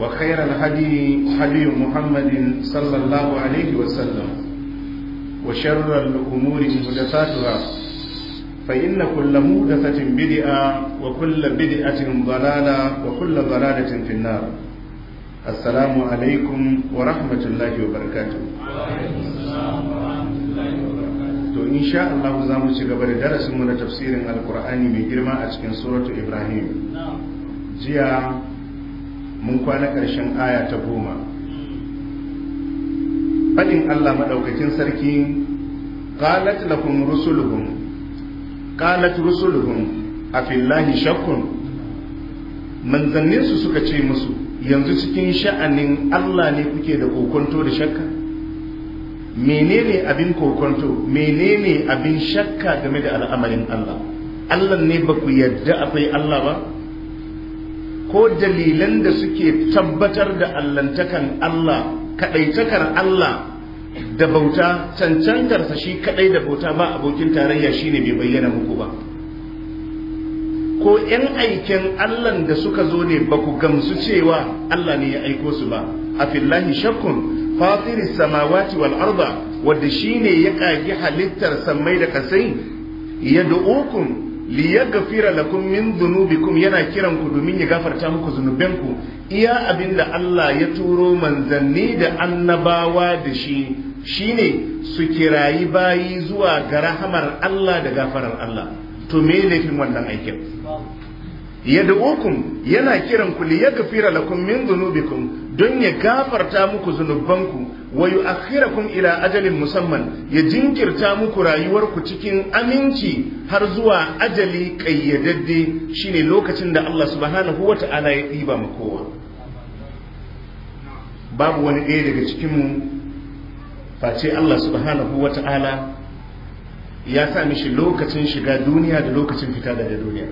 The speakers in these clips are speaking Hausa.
وخير الهدي هدي محمد صلى الله عليه وسلم وشر الأمور محدثاتها فإن كل محدثة بدعة وكل بدعة ضلالة وكل ضلالة في النار السلام عليكم ورحمة الله وبركاته to insha Allah za mu ci gaba da darasinmu na tafsirin alkur'ani mai girma a cikin suratu ibrahim jiya mun kwana ƙarshen aya ta goma faɗin Allah maɗaukakin sarki qalat lakum rusuluhum qalat rusuluhum afillahi shakkun manzanninsu suka ce musu yanzu cikin sha'anin Allah ne kuke da kokonto da shakka menene abin kokonto menene abin shakka game da al'amarin Allah Allah ne ba ku yadda akwai Allah ba ko dalilan da suke tabbatar da allantakan Allah kaɗaitakar Allah da bauta cancantarsa shi kaɗai da bauta ba abokin tarayya shine bai bayyana muku ba ko 'yan aikin Allahn da suka zo ne ba ku gamsu cewa Allah ne ya aiko su ba a fillahi shakkun fatiris samawati wal arda wanda shine ya kagi halittar sammai da kasai ya du'ukum li yaghfira lakum min dhunubikum yana kiran ku domin ya gafarta muku zunubanku iya abinda Allah ya turo manzanni da annabawa da shi shine su kirayi bayi zuwa ga rahamar Allah da gafarar Allah to me laifin wannan aikin yad'ukum yana kiran ku li yaghfira lakum min dhunubikum don ya gafarta muku zunubanku wa yu'akhirakum ila ajalin musamman ya jinkirta muku rayuwarku cikin aminci har zuwa ajali kayyadadde shine lokacin da Allah subhanahu wata'ala ya diba mu kowa babu wani ɗaya daga cikin mu face Allah subhanahu wata'ala ya sa mishi lokacin shiga duniya da lokacin fita daga duniya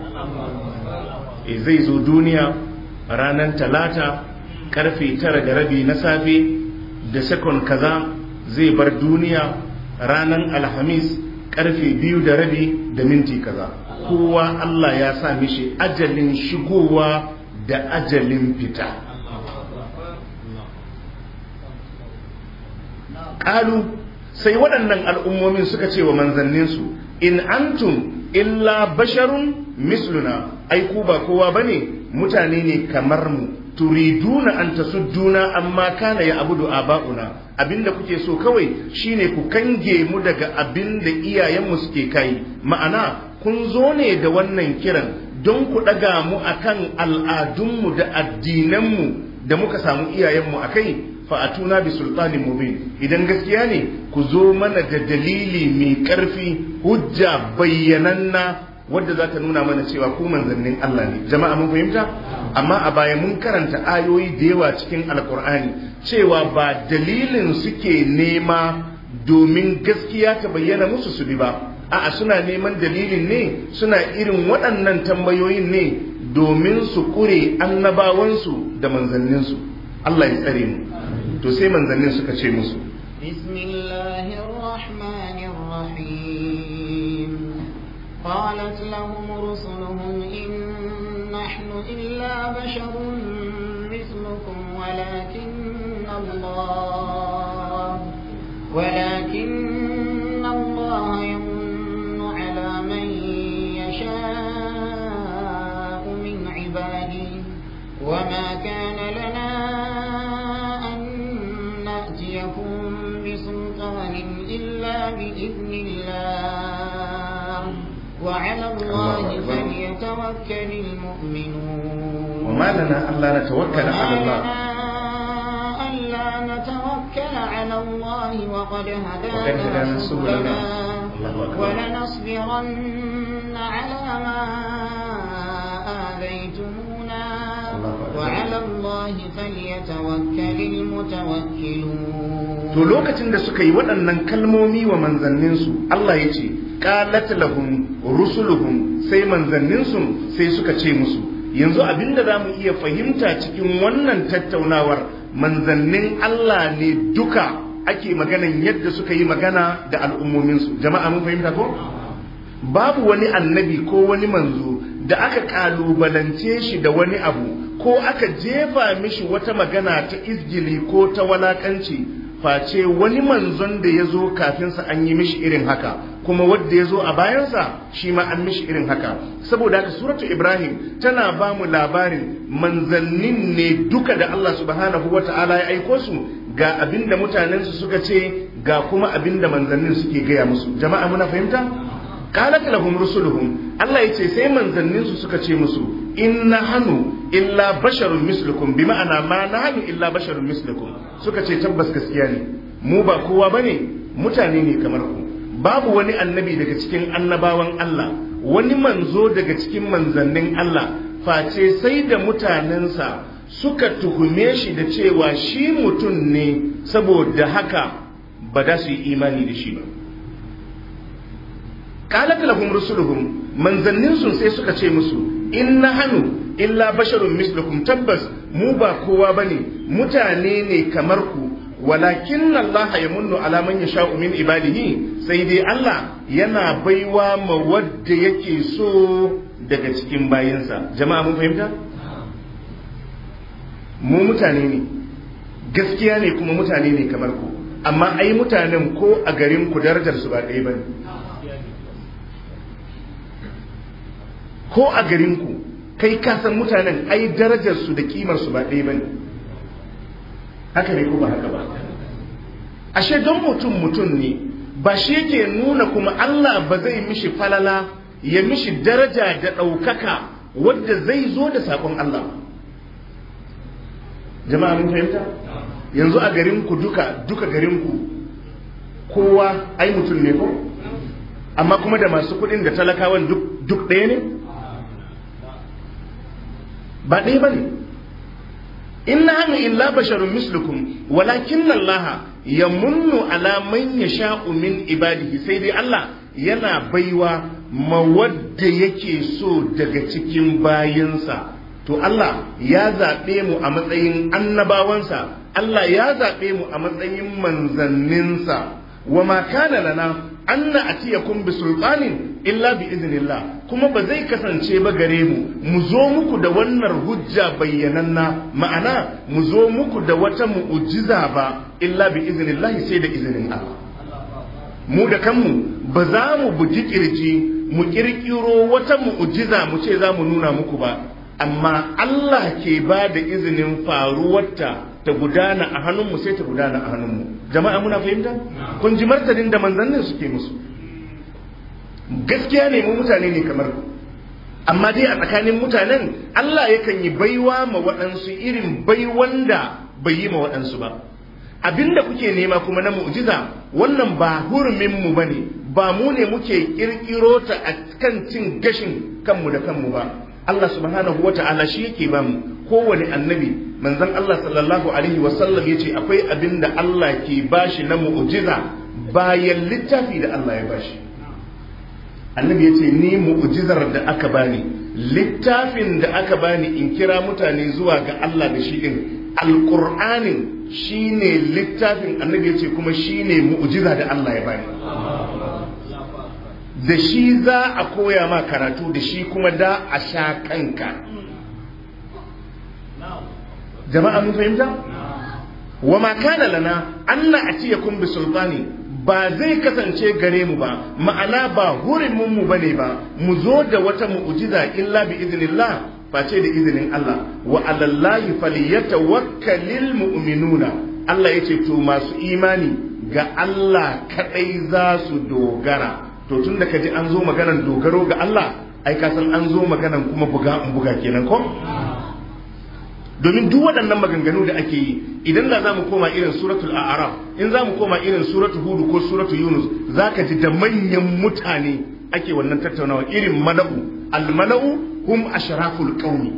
Eh, zai zo duniya ranar talata karfe tara da rabi na safe da sekon kaza zai bar duniya ranar alhamis karfe biyu da rabi da minti kaza kowa Allah ya sa mishi ajalin shigowa da ajalin fita ƙalu sai waɗannan al'ummomin suka ce wa manzanninsu in antum illa basharun misluna ai ku ba kowa bane mutane ne kamar mu turiduna an tasudduna amma kana ya abudu aba'una abinda kuke so kawai shine ku kange mu daga abinda iyayenmu suke kai ma'ana kun zo ne da wannan kiran don ku daga mu akan al'adunmu da addinanmu da muka samu iyayenmu akai fa'atuna bi sultani mubin idan gaskiya ne ku zo mana da dalili mai ƙarfi hujja bayyananna wadda za ta nuna mana cewa ko manzannin Allah ne jama'a mun fahimta amma a baya mun karanta ayoyi da yawa cikin alkur'ani cewa ba dalilin suke nema domin gaskiya ta bayyana musu su bi ba a'a suna neman dalilin ne suna irin waɗannan tambayoyin ne domin su kure annabawansu da manzanninsu Allah ya tsare mu to sai manzannin suka ce musu bismillahir قالت لهم رسلهم إن نحن إلا بشر مثلكم ولكن الله ولكن الله يمن على من يشاء من عباده وما كان لنا أن نأتيكم بسلطان إلا بإذن الله وعلى الله فليتوكل المؤمنون وما لنا ألا نتوكل على الله ألا نتوكل على الله وقد هدانا سبلنا ولنصبرن على ما آذيتم وعلى الله فليتوكل المتوكلون to lokacin da suka yi waɗannan kalmomi wa manzanninsu Allah ya ce qalat lahum rusuluhum sai manzanninsu sai suka ce musu yanzu abinda zamu iya fahimta cikin wannan tattaunawar manzannin Allah ne duka ake maganan yadda suka yi magana da al'ummominsu jama'a mun fahimta ko babu wani annabi ko wani manzo da aka kalubalance shi da wani abu ko aka jefa mishi wata magana ta izgili ko ta walakanci face wani manzon da ya zo kafinsa an yi mishi irin haka kuma wadda ya zo a bayansa shi ma an mishi irin haka saboda haka suratu ibrahim tana ba mu labarin manzannin ne duka da allah subhanahu wa ta'ala ya aiko su ga abin da mutanensu suka ce ga kuma abin da manzannin suke gaya musu jama'a muna fahimta qalat lahum rusuluhum allah ya ce sai manzanninsu suka ce musu in na hanu illa basharun mislukum bi ma'ana ma hannu illa basharun mislukum suka ce tabbas gaskiya ne mu ba kowa bane mutane ne kamar ku babu wani annabi daga cikin annabawan Allah wani manzo daga cikin manzannin Allah face sai da mutanensa suka tuhume shi da cewa shi mutum ne saboda haka ba da su yi imani da shi ba qalat lahum rusuluhum manzannin sun sai suka ce musu in hannu illa basharun mislukum tabbas mu ba kowa bane mutane ne kamar ku walakin Allah ya munnu ala man yasha'u min ibadihi sai dai Allah yana baiwa ma wadda yake so daga cikin bayinsa jama'a mun fahimta mu mutane ne gaskiya ne kuma mutane ne kamar ku amma ai mutanen ko a garin ku darajar su ba ɗaya bane ko a garinku kai kasan mutanen ai darajarsu da kimarsu ba ɗaya ba ne haka ne ko ba haka ba ashe don mutum mutum ne ba shi yake nuna kuma Allah ba zai mishi falala ya mishi daraja da ɗaukaka wadda zai zo da sakon Allah jama'a mun fahimta yanzu a garinku duka duka garinku kowa ai mutum ne ko amma kuma da masu kuɗin da talakawan duk ɗaya ne ba ɗaya bane in nahnu illa basharun mislukum walakin Allah yamunnu ala man yasha'u min ibadihi sai dai Allah yana baiwa mawadda yake so daga cikin bayinsa to Allah ya zaɓe mu a matsayin annabawansa Allah ya zaɓe mu a matsayin manzanninsa wa ma kana lana anna atiyakum bi sultanin illa bi iznillah kuma ba zai kasance ba gare mu mu zo muku da wannan hujja bayyananna ma'ana mu zo muku da wata mu'ujiza ba illa bi iznillah sai da izinin Allah mu da kanmu ba za mu buji kirji mu kirkiro wata mu'ujiza mu ce za mu nuna muku ba amma Allah ke ba da izinin faruwarta ta gudana a hannunmu sai ta gudana a hannunmu jama'a muna fahimta kun ji martanin da manzannin suke musu gaskiya ne mu mutane ne kamar ku amma dai a tsakanin mutanen Allah yakan yi baiwa ma waɗansu irin baiwan da bai yi ma waɗansu ba abinda kuke nema kuma na mu'jiza wannan ba hurumin mu bane ba mu ne muke kirkiro ta a kan cin gashin kanmu da kanmu ba Allah subhanahu wata'ala shi yake ba mu kowane annabi manzon Allah sallallahu alaihi wasallam yace akwai abin da Allah ke bashi na mu'jiza bayan littafi da Allah ya bashi annabi yace ni mu'jizar da aka bani littafin da aka bani in kira mutane zuwa ga Allah da shi din alqur'anin shine littafin annabi yace kuma shine mu'jiza da Allah ya bani da shi za a koya ma karatu da shi kuma da a sha kanka jama'a mun fahimta wa ma kana lana Allah a ciye kun bi sultani ba zai kasance gare mu ba ma'ana ba hurinmu mu bane ba mu zo da wata mu'jiza illa bi idnillah face da izinin Allah wa alallahi falyatawakkalil mu'minuna Allah yace to masu imani ga Allah kadai za su dogara to tun da kaji an zo maganan dogaro ga Allah ai ka san an zo maganan kuma buga buga kenan ko domin duk waɗannan maganganu da ake yi idan da mu koma irin suratul a'raf in za mu koma irin suratul hudu ko suratul yunus za ka ji da manyan mutane ake wannan tattaunawa irin mala'u al-mala'u hum ashraful qaumi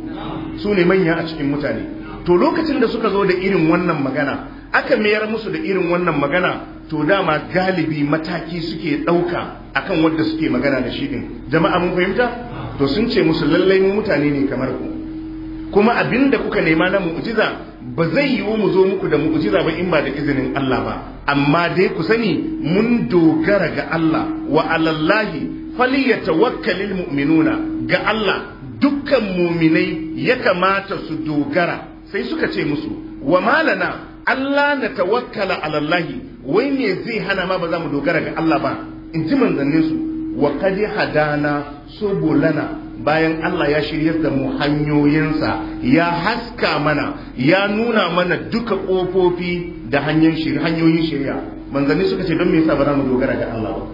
su ne manya a cikin mutane to lokacin da suka zo da irin wannan magana aka mayar musu da irin wannan magana to dama galibi mataki suke ɗauka akan wanda suke magana da shi din jama'a mun fahimta to sun ce musu lallai mutane ne kamar ku kuma abinda kuka nema na mu'jiza ba zai yiwu mu zo muku da mu'jiza ba in ba da izinin Allah ba amma dai ku sani mun dogara ga Allah wa alallahi falyatawakkalul mu'minuna ga Allah dukkan mu'minai ya kamata su dogara sai suka ce musu wa malana Allah na tawakkala alallahi wai me zai hana ma ba za mu dogara ga Allah ba in ji manzanninsu wa kadi hadana subulana bayan Allah ya shiryar da mu hanyoyinsa ya haska mana ya nuna mana duka ƙofofi da hanyoyin shirya manzanni suka ce don me yasa ba za mu dogara ga Allah ba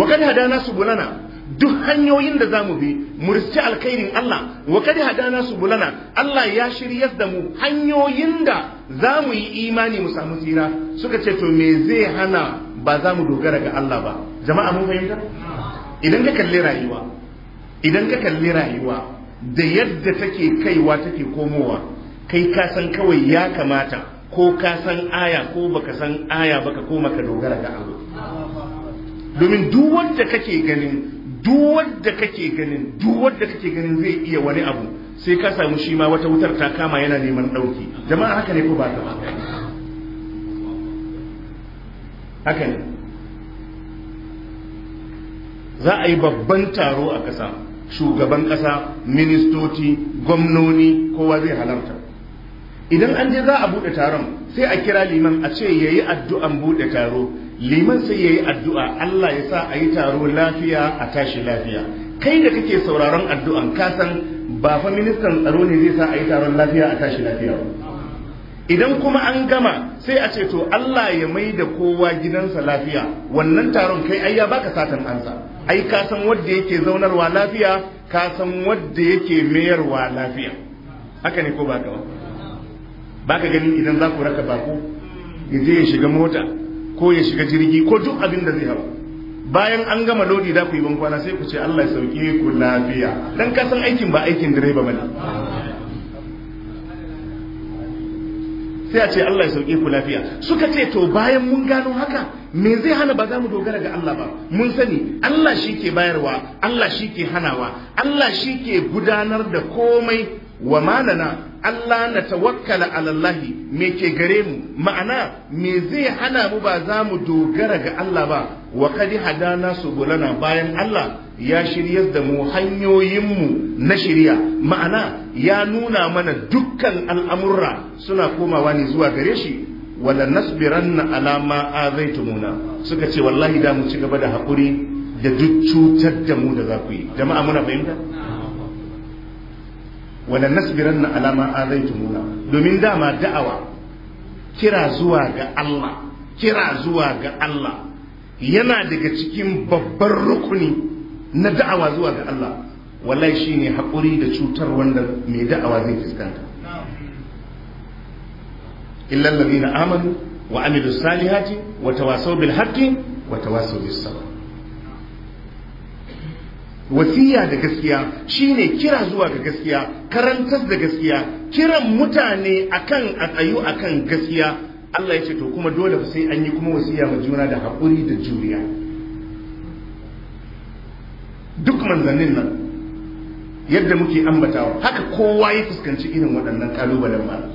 wa kad hadana subulana duk hanyoyin da zamu bi murci alkhairin Allah wa kad hadana subulana Allah ya shiryar da mu hanyoyin da zamu yi imani mu samu tsira suka ce to me zai hana ba za mu dogara ga Allah ba jama'a mun fahimta idan ka kalli rayuwa idan ka kalli rayuwa da yadda take kaiwa take komowa kai ka san kawai ya kamata ko ka san aya ko baka san aya baka koma ka dogara ga Allah domin duk wanda kake ganin duk wanda kake ganin duk wanda kake ganin zai iya wani abu sai ka samu shi ma wata wutar ta kama yana neman dauki jama'a haka ne ko ba haka ne za a yi babban taro a ƙasa shugaban ƙasa ministoci gwamnoni kowa zai halarta idan an je za a buɗe taron sai a kira liman a ce ya yi addu'an buɗe taro liman sai ya yi addu'a Allah ya sa a yi taro lafiya a tashi lafiya kai da kake sauraron addu'an kasan ba fa ministan tsaro ne zai sa a yi taron lafiya a tashi lafiya idan kuma an gama sai a ce to Allah ya mai da kowa gidansa lafiya wannan taron kai ai ya baka satan ansa ai ka san wanda yake zaunarwa lafiya ka san wanda yake mayarwa lafiya haka ne ko ba ka ba ka gani idan za ku raka baku, ya je ya shiga mota ko ya shiga jirgi ko duk abin da zai hawa bayan an gama lodi da ku yi bankwana sai ku ce Allah ya sauke ku lafiya dan ka san aikin ba aikin direba bane sai a ce Allah ya sauke ku lafiya suka ce to bayan mun gano haka me zai hana ba za mu dogara ga Allah ba mun sani Allah shi ke bayarwa Allah shi ke hanawa Allah shi ke gudanar da komai wa malana Allah na tawakkala alallahi me ke gare mu ma'ana me zai hana mu ba za mu dogara ga Allah ba wa kadi hadana subulana bayan Allah ya shirya da mu hanyoyinmu na shirya ma'ana ya nuna mana dukkan al'amurra suna komawa ne zuwa gare shi wala nasbiranna ala ma azaitumuna suka ce wallahi da mu ci gaba da haƙuri da duk cutar da mu da za ku yi jama'a muna fahimta wala alama ala ma azaitumuna domin dama da'awa kira zuwa ga Allah kira zuwa ga Allah yana daga cikin babbar rukuni na da'awa zuwa ga Allah wallahi shine hakuri da cutar wanda mai da'awa zai fuskanta illa alladhina amanu wa amilus salihati wa tawasaw bil haqqi wa tawasaw bis sabr wasiya da gaskiya shine kira zuwa ga gaskiya karantar da gaskiya kiran mutane akan a tsayu akan gaskiya Allah ya ce to kuma dole fa sai an yi kuma wasiya ma juna da haƙuri da juriya duk manzannin nan yadda muke ambata haka kowa ya fuskanci irin waɗannan kalubalen ba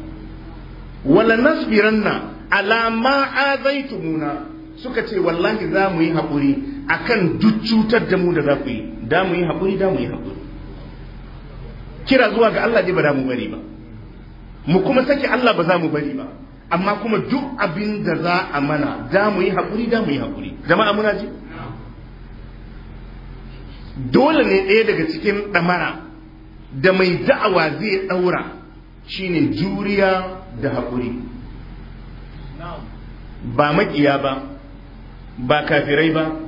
wala nasbiranna ala ma azaitumuna suka ce wallahi za mu yi haƙuri akan duk cutar da mu da za ku yi da mu yi haƙuri da mu yi haƙuri kira zuwa ga Allah ne ba da mu bari ba mu kuma sake Allah ba za mu bari ba amma kuma duk abin da za a mana da mu yi haƙuri da mu yi haƙuri jama'a muna ji dole ne ɗaya daga cikin ɗamara da mai da'awa zai ɗaura shine juriya da haƙuri ba maƙiya ba ba kafirai ba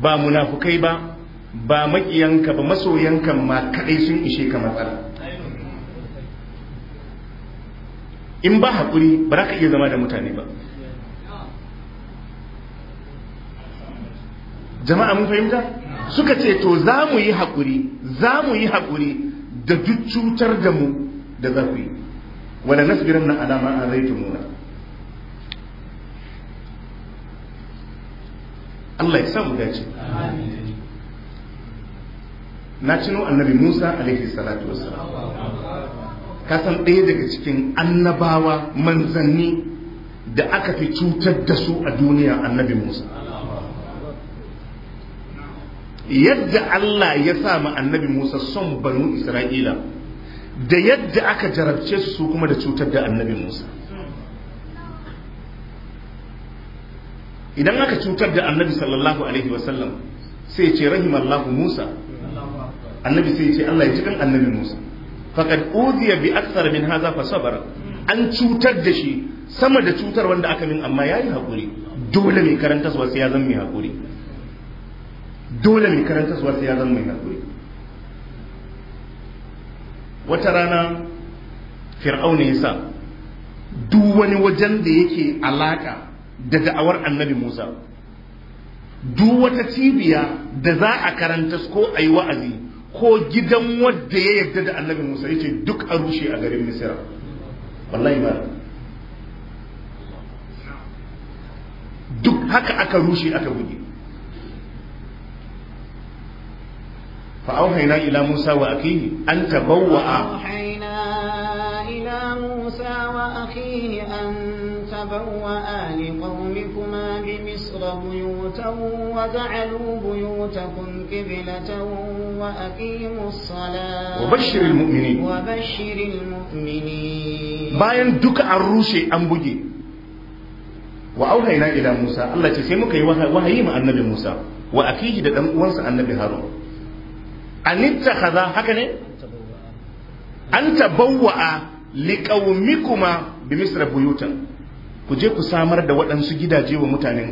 ba munafukai ba ba maƙiyanka ba masoyanka ma kaɗai sun ishe ka matsala in ba haƙuri ba za ka iya zama da mutane ba jama'a mun fahimta suka ce to za mu yi haƙuri za mu yi haƙuri da duk cutar da mu da za ku yi wala nasbiran na alama a zaitumuna Allah ya samu dace na cino annabi Musa alaihi salatu ka kasan ɗaya daga cikin annabawa manzanni da aka fi cutar da su a duniya annabi Musa yadda Allah ya sa ma annabi Musa son banu Isra'ila da yadda aka jarabce su kuma da cutar da annabi Musa idan aka cutar da annabi sallallahu alaihi wasallam sai ce rahimallahu musa annabi sai ce allah ya ji kan annabi musa faqad uziya bi akthar min hadha fa sabar an cutar da shi sama da cutar wanda aka min amma yayi hakuri dole mai karanta su sai ya zama mai hakuri dole mai karanta su sai ya zama mai hakuri wata rana fir'auna ya sa duk wani wajen da yake alaka da da'awar annabi Musa duk wata cibiya da za a karanta ko a yi wa'azi ko gidan wadda ya yarda da annabi Musa ya ce duk a rushe a garin Misira wallahi ba duk haka aka rushe aka buge فأوحينا إلى موسى وأخيه أن تبوأ أوحينا إلى موسى وأخيه أن وتبوأ لقومكما بمصر بيوتا وجعلوا بيوتكم قبلة وأقيموا الصلاة وبشر المؤمنين وبشر المؤمنين باين دك الروشي أمبجي وأوحينا إلى موسى الله تسيمك وهي مع النبي موسى وأكيه دم وانسى النبي هارون an ittakhadha haka ne an tabawwa'a liqaumikuma bi misra buyutan ku je ku samar da waɗansu gidaje wa mutanen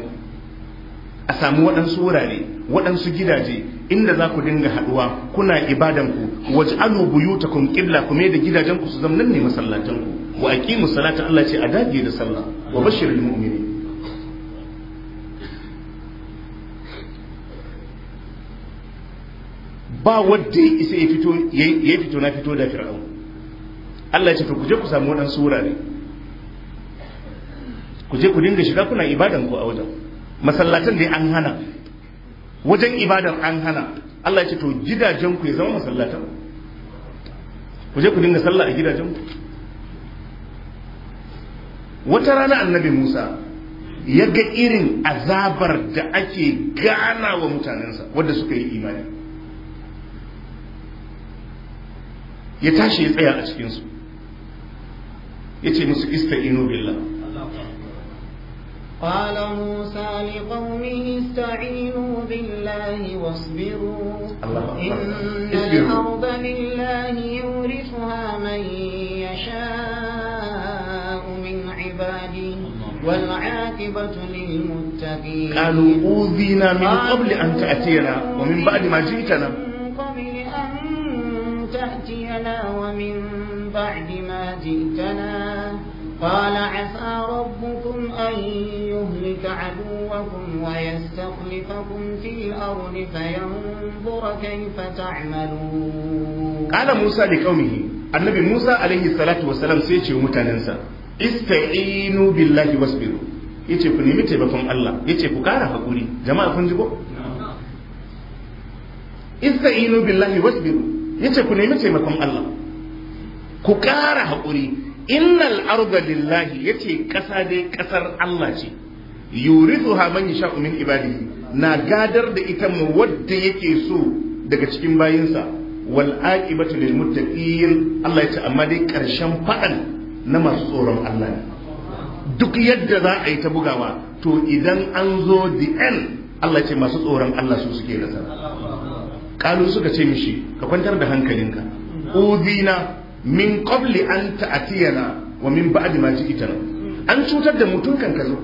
a samu waɗansu wurare waɗansu gidaje inda za ku dinga haɗuwa kuna ibadanku waje alu buyuta kun ƙilla ku da gidajen ku su zama nan ne masallatan ku wa aqimu salata Allah ce a dage da sallah wa bashir al mu'mini ba wadda ya isa ya fito na fito da fir'aun Allah ya ce ku je ku samu waɗansu wurare ku je ku dinga shiga kuna ibadan ku a wajen masallatan dai an hana wajen ibadan an hana Allah ya ce to gidajen ku ya zama masallatan ku je ku dinga sallah a gidajen ku wata rana annabi Musa ya ga irin azabar da ake gana wa mutanensa wadda suka yi imani ya tashi ya tsaya a cikinsu ya ce musu ista inu billah قال موسى لقومه استعينوا بالله واصبروا إن الأرض لله يورثها من يشاء من عباده والعاقبة للمتقين قالوا أوذينا من قبل أن تأتينا ومن بعد ما جئتنا من قبل أن تأتينا ومن بعد ما جئتنا قال عسى ربكم أن يهلك عدوكم ويستخلفكم في الأرض فينظر كيف تعملون قال موسى لقومه النبي موسى عليه الصلاة والسلام سيتي ومتننسى استعينوا بالله واصبروا yace ku nemi taimakon Allah yace ku kara hakuri jama'a kun ji ko istainu billahi wasbiru yace ku nemi taimakon Allah ku kara hakuri innal arda lillahi yace kasa dai kasar Allah ce yurithuha man yasha'u min ibadihi na gadar da ita mu wadda yake so daga cikin bayinsa wal aqibatu lil muttaqin Allah yace amma dai karshen fadan na masu tsoron Allah ne duk yadda za a yi ta bugawa to idan an zo the end Allah ce masu tsoron Allah su suke nasara kalu suka ce mishi ka kwantar da hankalinka udina min qabli an ta'tiyana wa min ba'di ma ji'tana an cutar da mu tun kan kazo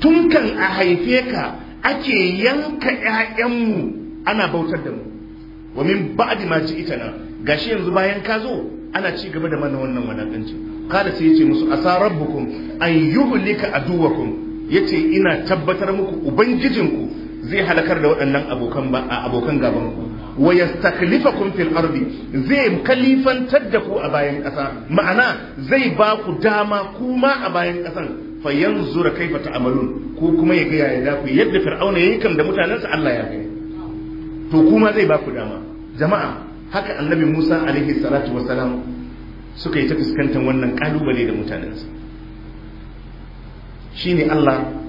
tun kan a haife ka ake yanka ƴaƴanmu ana bautar da mu wa min ba'di ma ji'tana gashi yanzu bayan ka zo ana ci gaba da mana wannan wadancin kada sai yace musu asa rabbukum an yuhlika aduwakum yace ina tabbatar muku ubangijinku zai halakar da waɗannan abokan ba abokan gaban ku wa yastakhlifakum fil ardi zai kalifantar da ku a bayan ƙasa ma'ana zai ba ku dama kuma a bayan ƙasan fa yanzura kaifa ta'malun ko kuma ya ga yaya da ku yadda fir'auna yayi kam da mutanensa Allah ya kai. to kuma zai ba ku dama jama'a haka annabi Musa alaihi salatu wassalam suka yi ta fuskantar wannan kalubale da mutanensa shine Allah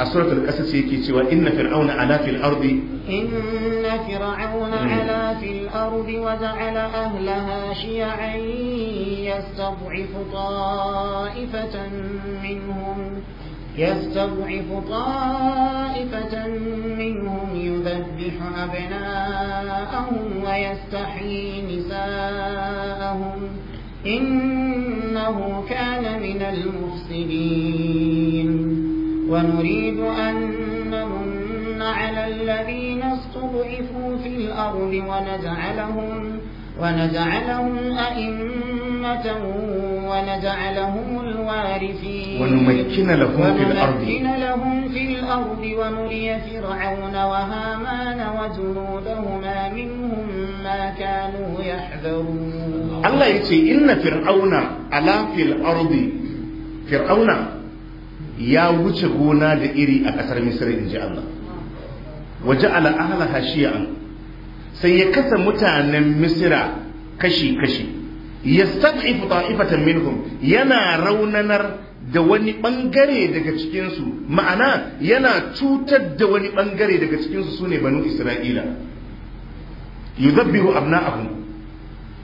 a suratul qasas yake cewa inna fir'auna ala fil ardi inna fir'auna ala fil ardi wa ja'ala ahlaha shi'an yastad'ifu ta'ifatan minhum يستضعف طائفة منهم يذبح أبناءهم ويستحيي نساءهم إنه كان من المفسدين ونريد أن نمن على الذين استضعفوا في الأرض ونجعلهم, ونجعلهم أئمة ونجعلهم الوارثين ونمكن لهم في الأرض ونمكن لهم في الأرض ونري فرعون وهامان وجنودهما منهم ما كانوا يحذرون الله يقول إن فرعون على في الأرض فرعون ya wuce gona da iri a ƙasar misir in ji Allah waje al'ahala hashiya sai ya kasa mutanen misira kashi-kashi ya sabifu ta'ifatan minhum yana raunanar da wani bangare daga cikinsu ma'ana yana cutar da wani bangare daga cikinsu sune banu isra'ila yuzabbihu abna'ahum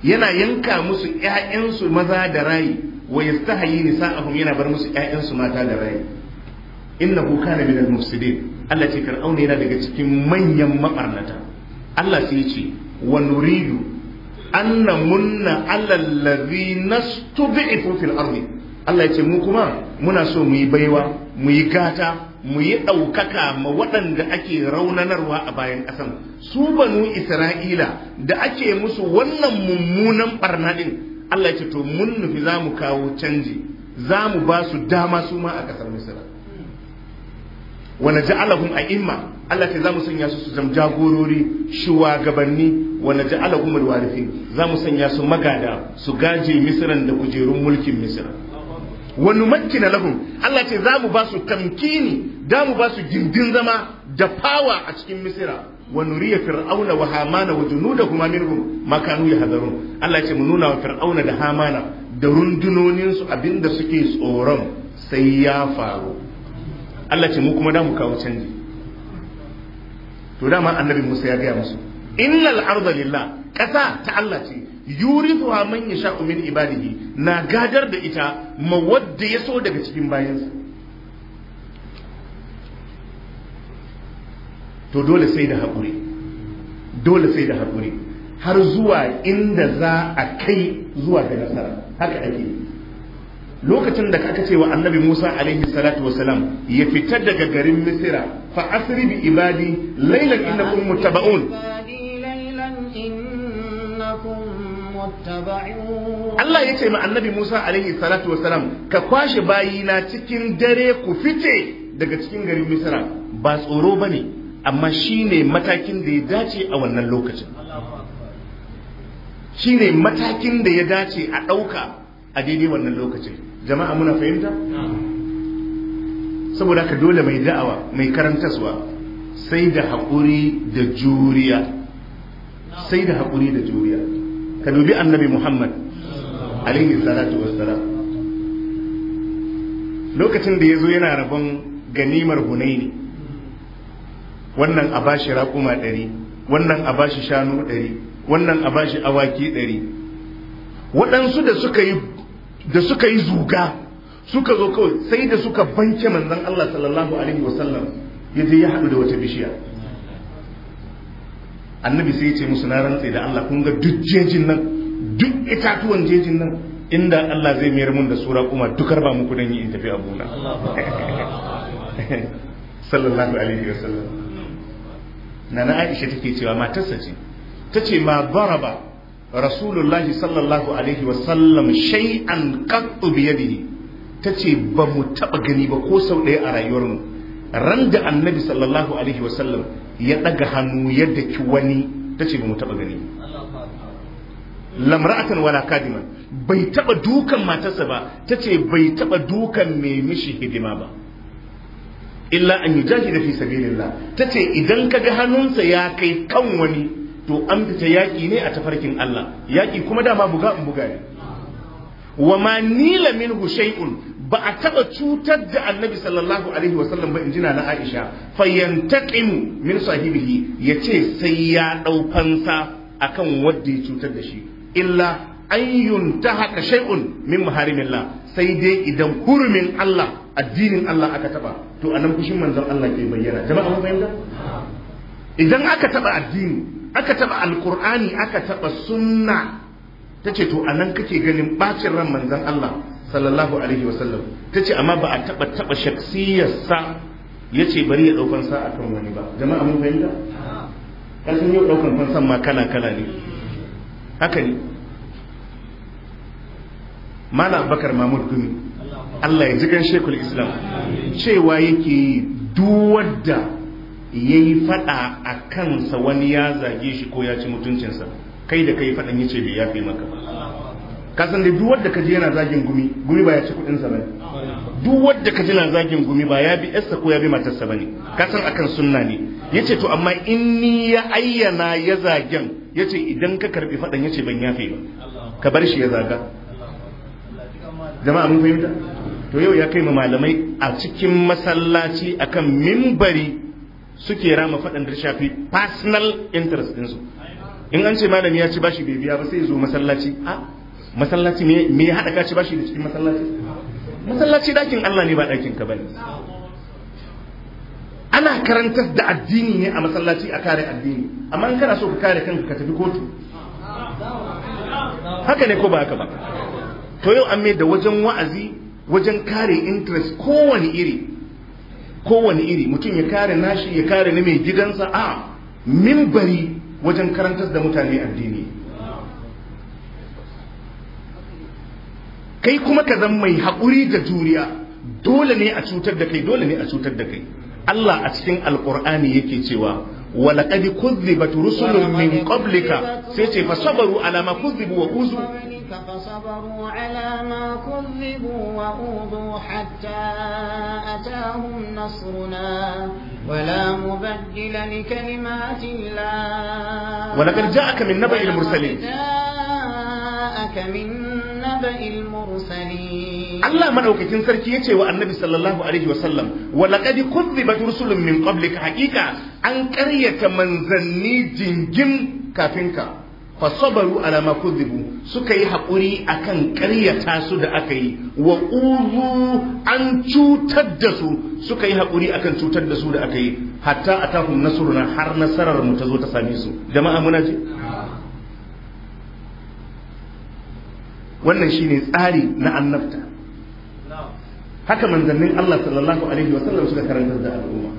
yana yanka musu 'ya'yansu maza da rayi wa yastahayi nisa'ahum yana bar musu ƴaƴansu mata da rai innahu kana min al-mufsidin Allah ce fir'auna yana daga cikin manyan mabarnata Allah sai ce wa nuridu an namunna alal ladhina stud'ifu fil ardi Allah ce mu kuma muna so mu yi baiwa mu yi gata mu yi ɗaukaka ma waɗanda ake raunanarwa a bayan ƙasan su banu isra'ila da ake musu wannan mummunan ɓarna ɗin Allah ya ce to mun nufi za mu kawo canji za mu ba su dama su ma a ƙasar misira wani ja'alahum a imma Allah ce za mu sanya su su zama jagorori shugabanni wani ja'alahum alwarifi za mu sanya su magada su gaje misiran da kujerun mulkin misira wani na lahum Allah ce za mu ba su tamkini da mu ba su gindin zama da fawa a cikin misira wa nuriya fir'auna wa hamana wa kuma minhum ma kanu yahzarun Allah ya ce mu nuna wa fir'auna da hamana da rundunoninsu abinda suke tsoron sai ya faru Allah ce mu kuma da mu kawo canji to dama annabi Musa ya gaya musu innal arda lillah ƙasa ta Allah ce yurithuha manya sha min ibadihi na gadar da ita ma wadda ya so daga cikin bayansa to dole sai da haƙuri dole sai da haƙuri har zuwa inda za a kai zuwa ga nasara haka ake lokacin da aka ce wa annabi musa alaihi salatu wasalam ya fita daga garin misira fa asri bi ibadi laylan innakum muttaba'un Allah ya ce ma annabi Musa alaihi salatu wasalam ka kwashe bayina cikin dare ku fice daga cikin garin Misra ba tsoro bane amma shine matakin da ya dace a wannan lokacin shine matakin da ya dace a ɗauka a daidai wannan lokacin jama'a muna fahimta saboda haka dole mai da'awa mai karantaswa sai da haƙuri da juriya sai da haƙuri da juriya ka dubi annabi muhammad alaihi salatu wassalam lokacin da ya zo yana rabon ganimar hunaini wannan a bashi raƙuma ɗari wannan a bashi shanu ɗari wannan a bashi awaki ɗari waɗansu da suka yi zuga suka zo kawai sai da suka banke manzan Allah sallallahu alaihi wasallam ya je ya haɗu da wata bishiya annabi sai ya ce musu na rantse da Allah kun ga duk jejin nan duk itatuwan jejin nan inda Allah zai mayar mun da sura kuma dukar ba muku dan yi in tafi abuna sallallahu alaihi wasallam nana aisha take cewa matarsa ce ta ce ma baraba rasulullahi sallallahu alaihi wa sallam shay'an qattu bi yadihi ta ce ba mu taba gani ba ko sau ɗaya a rayuwarmu ran da annabi sallallahu alaihi wa sallam ya ɗaga hannu yadda ki wani ta ce ba mu taba gani lamra'atan wala kadiman bai taba dukan matarsa ba ta ce bai taba dukan mai mishi hidima ba illa an da fi sabilillah tace idan kaga hannunsa ya kai kan wani to an fita yaƙi ne a tafarkin Allah Yaƙi kuma dama buga in buga ne wa ma nila minhu shay'un ba a taɓa cutar da annabi sallallahu alaihi wasallam ba injina na Aisha fayantaqimu min sahibihi yace sai ya ɗaukansa fansa akan wadda ya cutar da shi illa an yuntaha shay'un min maharimillah sai dai idan hurumin Allah addinin Allah aka taba to anan kushin manzon Allah ke bayyana jama'a mun fahimta idan aka taba addini aka taba alqur'ani aka taba sunna tace to anan kake ganin bacin ran manzon Allah sallallahu alaihi wasallam tace amma ba a taba taba shaksiyarsa yace bari ya daukan sa akan wani ba jama'a mun fahimta kasan yau daukan fansan ma kala kala ne haka ne mala bakar mahmud gumi Allah ya ji gan shekul islam cewa yake duwadda ya yi faɗa a kansa wani ya zage shi ko ya ci mutuncinsa kai da kai faɗin yace bai yafe maka ka san da duk wanda kaji yana zagin gumi gumi ba ya ci kuɗin sa bane duk wanda kaji na zagin gumi ba ya bi yarsa ko ya bi matarsa bane ka san akan sunna ne yace to amma in ni ya ayyana ya zagen yace idan ka karbi faɗan yace ban yafe ba ka bar shi ya zaga jama'a mun fahimta to yau ya kai mu malamai a cikin masallaci akan mimbari suke rama faɗan da shafi personal interest su in an ce malami ya ci bashi bai biya ba sai zo masallaci a masallaci me ya haɗa ka ci bashi da cikin masallaci masallaci dakin Allah ne ba dakin ka bane ana karantar da addini ne a masallaci a kare addini amma in kana so ka kare kanka ka tafi kotu haka ne ko ba haka ba to yau an da wajen wa'azi wajen kare interest kowane iri kowane iri mutum ya kare nashi ya kare na mai gidansa a mimbari wajen karantar da mutane addini kai kuma ka zan mai haƙuri da juriya dole ne a cutar da kai dole ne a cutar da kai Allah a cikin alƙur'ani yake cewa ولقد كذبت رسل من قبلك سيتي فصبروا على ما كذبوا وأوذوا فصبروا على ما كذبوا وأوذوا حتى أتاهم نصرنا ولا مبدل لكلمات الله ولقد جاءك من نبأ المرسلين جاءك من Allah madaukakin sarki yace wa annabi sallallahu alaihi wasallam wa laqad kudhibat rusulun min qablik haqiqa an qaryata manzanni jingin kafinka fa sabaru ala ma kudhibu suka yi hakuri akan qaryata su da aka yi wa uzu an cutar da su suka yi hakuri akan cutar da su da aka yi hatta atahum nasruna har nasarar mu ta zo ta same su jama'a muna ji wannan shine tsari na annabta haka manzannin Allah sallallahu alaihi wasallam suka karantar da al'umma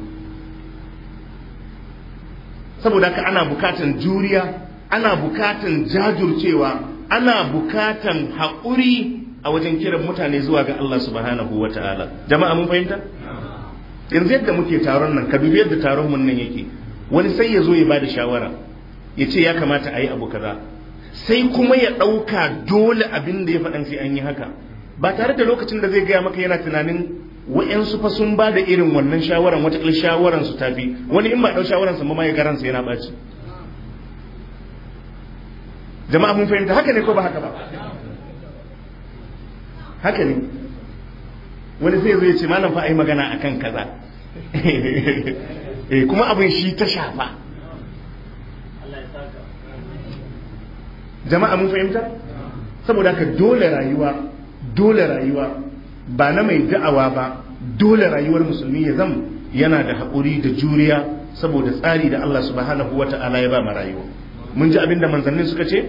saboda haka ana bukatan juriya ana bukatan jajircewa ana bukatan haƙuri a wajen kiran mutane zuwa ga Allah subhanahu wa ta'ala jama'a mun fahimta yanzu yadda muke taron nan ka dubi yadda taron mun nan yake wani sai ya zo ya bada shawara ya ce ya kamata a yi abu kaza sai kuma ya ɗauka dole abin da ya faɗan sai an yi haka ba tare da lokacin da zai gaya maka yana tunanin wa'yansu fa sun ba da irin wannan shawaran wataƙil shawaran su tafi wani in ba ɗau shawaran sa ma ya garansa yana ɓaci jama'a mun fahimta haka ne ko ba haka ba haka ne wani sai zai ce malam fa ai magana akan kaza eh kuma abin shi ta shafa jama'a mun fahimta saboda haka dole rayuwa dole rayuwa ba na mai da'awa ba dole rayuwar musulmi ya zama yana da haƙuri da juriya saboda tsari da Allah subhanahu wa ta'ala ya ba ma rayuwa mun ji abinda da manzannin suka ce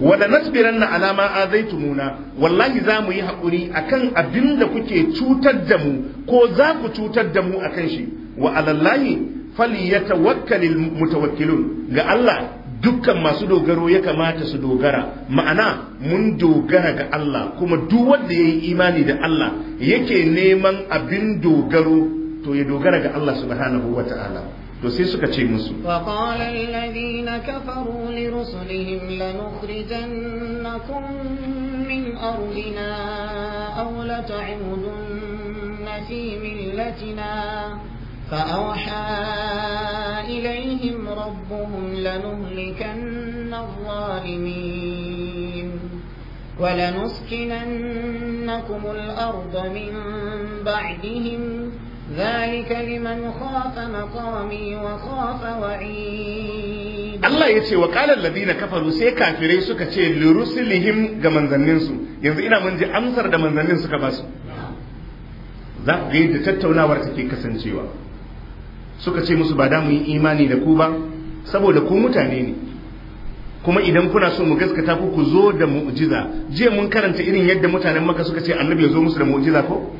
wala nasbiranna ala ma azaitumuna wallahi za mu yi haƙuri akan abin da kuke cutar da mu ko za ku cutar da mu akan shi wa alallahi falyatawakkalul mutawakkilun ga Allah dukkan masu dogaro ya kamata su dogara ma'ana mun dogara ga Allah kuma duk wanda ya yi imani da Allah yake neman abin dogaro to ya dogara ga Allah subhanahu wa ta'ala to sai suka ce musu وقال الذين كفروا لرسلهم لنخرجنكم من أرضنا أو لتعودن في ملتنا فأوحى ilaihim. ربهم لنهلكن الظالمين ولنسكننكم الأرض من بعدهم ذلك لمن خاف مقامي وخاف وعيد الله يتي وقال الذين كفروا سي كافري suka ce lirusulihim ga manzannin su yanzu ina mun amsar da manzannin suka ba za ku yadda tattaunawar take kasancewa suka ce musu ba da mu yi imani da ku ba saboda ku mutane ne kuma idan kuna so mu gaskata ku ku zo da mu'jiza jiya mun karanta irin yadda mutanen maka suka ce annabi ya zo musu da mu'jiza ko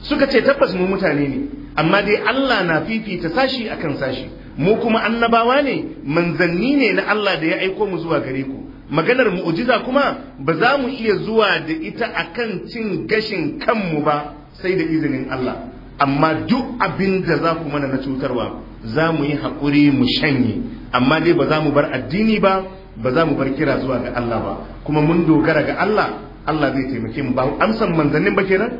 suka ce tabbas mu mutane ne amma dai Allah na fifita sashi akan sashi mu kuma annabawa ne manzanni ne na Allah da ya aiko mu zuwa gare ku maganar mu'jiza kuma ba za mu iya zuwa da ita akan cin gashin kanmu ba sai da izinin Allah amma duk abin da za ku mana na cutarwa za mu yi haƙuri mu shanye amma dai ba za mu bar addini ba ba za mu bar kira zuwa ga Allah ba kuma mun dogara ga Allah Allah zai taimake mu ba amsan manzannin ba kenan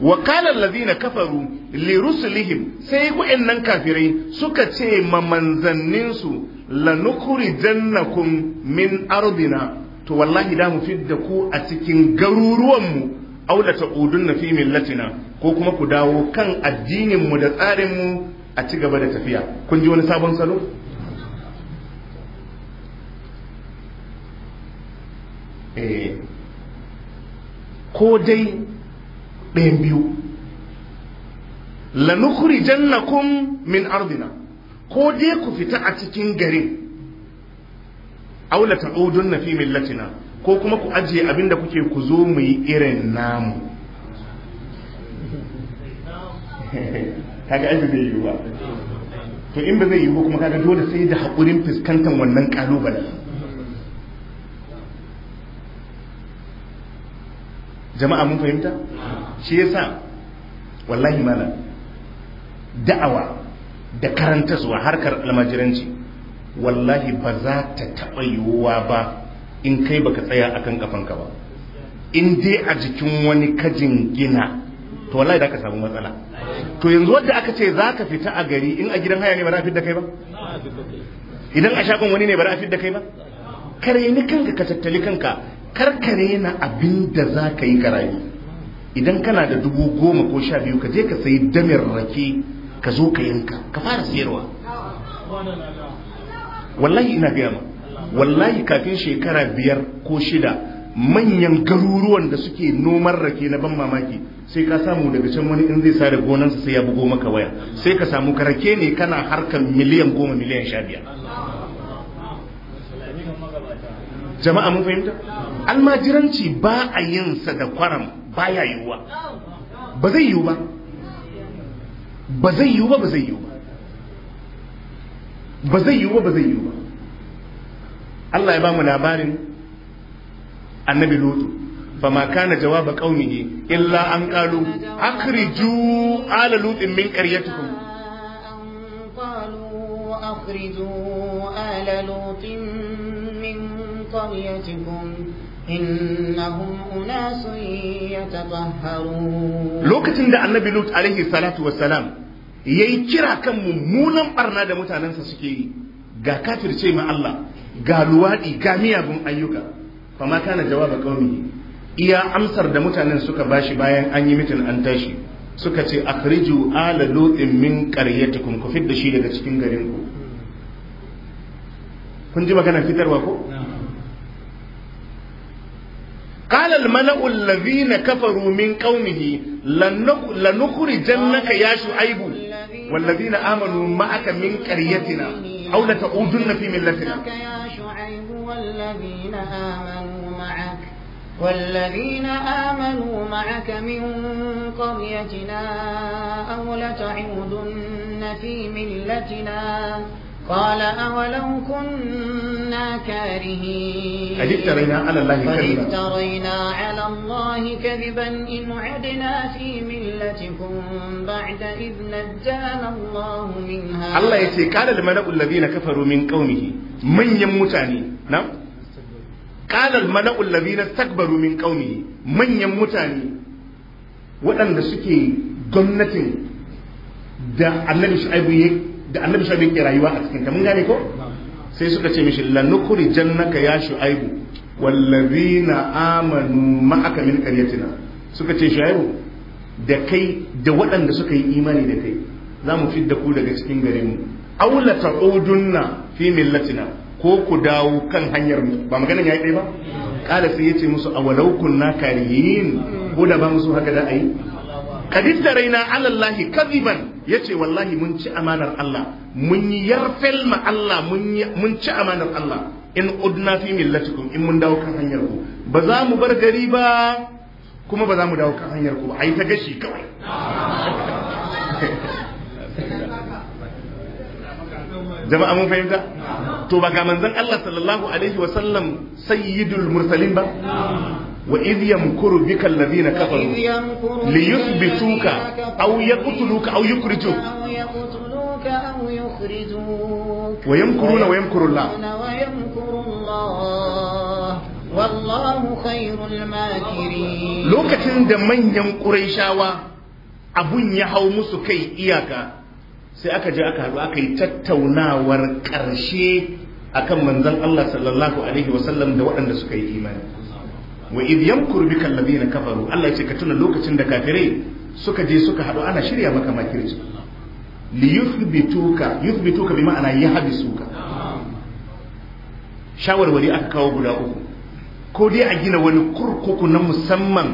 wa qala alladhina kafaru li rusulihim sai wayannan kafirai suka ce ma manzannin su lanukhrijannakum min ardina to wallahi da mu fidda ku a cikin garuruwan mu aula na fi millatina ko kuma ku dawo kan addinin mu da tsarin mu a ci gaba da tafiya kun ji wani sabon salo eh ko dai ɗayan biyu jannakun min ardina ko dai ku fita a cikin garin aula na fi millatina ko kuma ku ajiye abin da kuke ku zo mu yi irin namu kaga aji zai ba. to in ba zai yiwu kuma kaga dole sai da haƙurin fuskantar wannan ƙalubale jama'a mun fahimta shi yasa wallahi mana da'awa da zuwa harkar almajiranci wallahi ba za ta taɓa yiwuwa ba in kai baka tsaya akan kafanka ba in dai a jikin wani kajin gina to wallahi da ka samu matsala to yanzu wadda aka ce za ka fita a gari in a gidan haya ne ba za a fidda kai ba idan a shagon wani ne ba za a fidda kai ba kare ni kanka ka tattali kanka karkare na abin da za ka yi karayi idan kana da dubu goma ko sha biyu ka je ka sayi damin rake ka zo ka yanka ka fara siyarwa wallahi ina gaya maka wallahi kafin shekara biyar ko shida manyan garuruwan da suke noman rake na ban mamaki sai ka samu daga can wani in zai sare gonansa sai ya bugo maka waya sai ka samu ka rake ne kana harkar miliyan goma miliyan sha biyar jama'a mun fahimta almajiranci ba a yin sa da kwaram ba yi yiwuwa ba zai yiwu ba ba zai yiwu ba ba zai yiwu ba ba zai yiwu ba ba zai yiwu ba Allah ya ba mu labarin annabi lutu fama kana jawaba qaumihi illa an qalu akhriju ala lutin min qaryatikum أخرجوا آل لوط من قريتكم إنهم أناس يتطهرون النبي لوط عليه الصلاة والسلام yayi kira kan mummunan ɓarna da mutanensa suke yi ga kafirce ma Allah ga luwaɗi ga miyagun ayyuka fa ma kana jawaba qaumihi iya amsar da mutanen suka bashi bayan an yi mitin an tashi suka ce akhriju ala lutin min qaryatikum ku fidda shi daga cikin garin ku kun ji magana fitarwa ko قال الملأ الذين كفروا من قومه لنخرجنك يا شعيب والذين آمنوا معك من قريتنا أو لتعودن في ملتنا والذين آمنوا معك والذين آمنوا معك من قريتنا أو لتعودن في ملتنا قال أولو كنا كارهين قد افترينا على الله كذبا افترينا على الله كذبا إن عدنا في ملتكم بعد إذ نجانا الله منها الله يتي قال الملأ الذين كفروا من قومه من يموتاني نعم قال الملأ الذين استكبروا من قومه من يموتاني وأن سكي gwamnatin da annabi shu'aibu da annabi shu'aib yake rayuwa a cikin ta mun gane ko sai suka ce mishi lanukuri jannaka ya shu'aibu wallazina amanu ma'aka min qaryatina suka ce shu'aibu da kai da waɗanda suka yi imani da kai za mu fidda ku daga cikin gare mu aula ta'udunna fi millatina ko ku dawo kan hanyar mu ba maganin yayi dai ba kada sai yace musu awalau kunna kariyin ko da ba musu haka da ayi qad taraina ala allahi kadiban ya ce wallahi mun ci amanar Allah mun yi yarfel ma Allah mun ci amanar Allah in udna fi millatikum in mun dawo kan hanyar ku ba za mu bar gari ba kuma ba za mu dawo kan hanyar ku ba ai ta gashi kawai jama'a mun fahimta to ba ga manzon Allah sallallahu alaihi wa sallam sayyidul mursalin ba وإذ يمكر بك الذين كفروا ليثبتوك أو يقتلوك أو يخرجوك أو يخرجوك ويمكرون ويمكر الله ويمكر الله والله خير الماكرين لوكتين da manyan Qurayshawa abun ya hau musu kai iyaka sai aka je aka haɗu aka yi tattaunawar ƙarshe akan manzon Allah sallallahu alaihi wasallam da waɗanda suka yi imani wa idh yamkuru bika alladhina kafaru Allah ya ce ka tuna lokacin da kafirai suka je suka hadu ana shirya maka makirci li yuthbituka yuthbituka bi ma'ana yahbisuka shawarwari aka kawo guda uku ko dai a gina wani kurkuku na musamman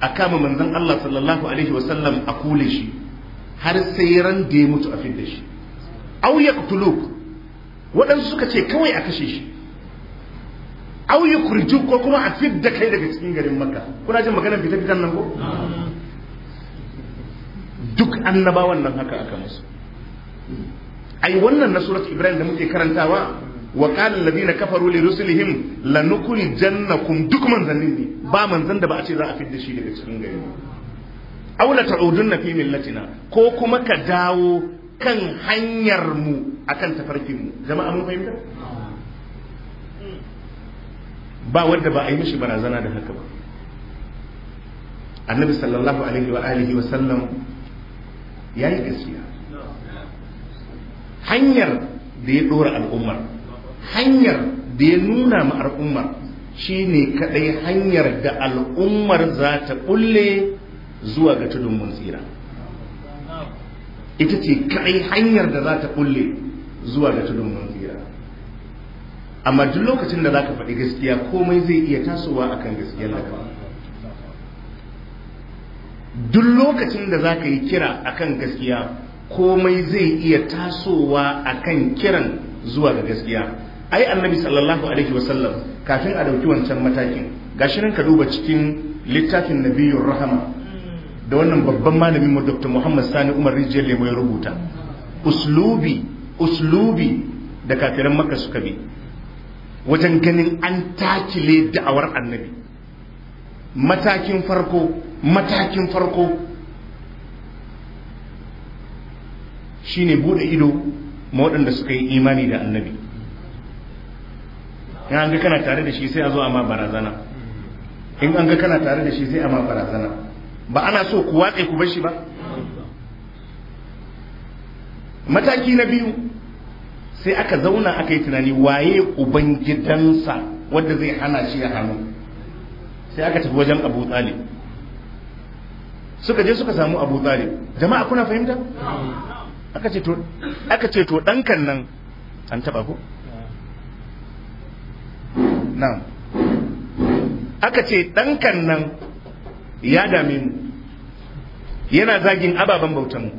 a kama manzon Allah sallallahu alaihi wasallam a kule shi har sai ran da ya mutu a fidda shi aw yaqtuluk waɗansu suka ce kawai a kashe shi au kurji ko kuma a fidda kai daga cikin garin maka kuna jin maganar fita fitan nan ko duk annabawan nan haka aka musu ai wannan na surat ibrahim da muke karantawa wa qala alladhina kafaru li rusulihim jannakum duk manzannin ne ba manzan da ba a ce za a fidda shi daga cikin gari aw la ta'udunna fi millatina ko kuma ka dawo kan hanyar mu akan tafarkin mu jama'a mun fahimta ba wanda ba a yi mishi barazana da haka ba annabi sallallahu alaihi wa alihi wa sallam ya yi gaskiya hanyar da ya dora al'ummar hanyar da ya nuna ma al'ummar shi ne kadai hanyar da al'ummar za ta kulle zuwa ga tudun mun ita ce kadai hanyar da za ta kulle zuwa ga tudun mun amma duk lokacin da zaka faɗi gaskiya komai zai iya tasowa akan gaskiyar da duk lokacin da zaka yi kira akan gaskiya komai zai iya tasowa akan kiran zuwa ga gaskiya ai annabi sallallahu alaihi wasallam kafin a dauki wancan matakin gashi nan ka duba cikin littafin nabiyyur rahama da wannan babban malamin mu Dr. Muhammad Sani Umar Rijiyar Lemo ya rubuta uslubi uslubi da kafiran maka suka bi wajen ganin an takile da'awar annabi matakin farko matakin farko shine bude ido ma waɗanda suka yi imani da annabi in an ga kana tare da shi sai a zo a ma barazana in an ga kana tare da shi sai a ma barazana ba ana so ku watsa ku bar shi ba mataki na biyu sai aka zauna aka yi tunani waye ubangidansa wanda zai hana shi ya hannu sai aka tafi wajen abu talib suka je suka samu abu talib jama'a kuna fahimta aka ce to ɗankan nan an taɓa ko? na'am aka ce ɗankan nan ya dame mu yana zagin ababen bautan mu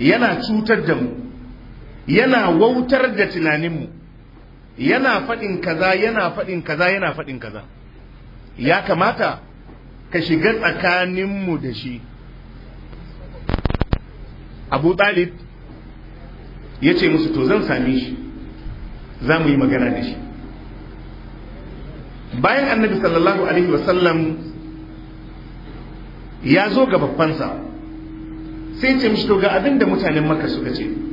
yana cutar da mu yana wautar da tunaninmu yana faɗin kaza yana faɗin kaza yana faɗin kaza ya kamata ka shiga tsakaninmu da shi abu talib ya ce musu to zan sami shi za mu yi magana da shi bayan annabi sallallahu alaihi wasallam ya zo ga babbansa sai ce mishi to ga abin da mutanen maka suka ce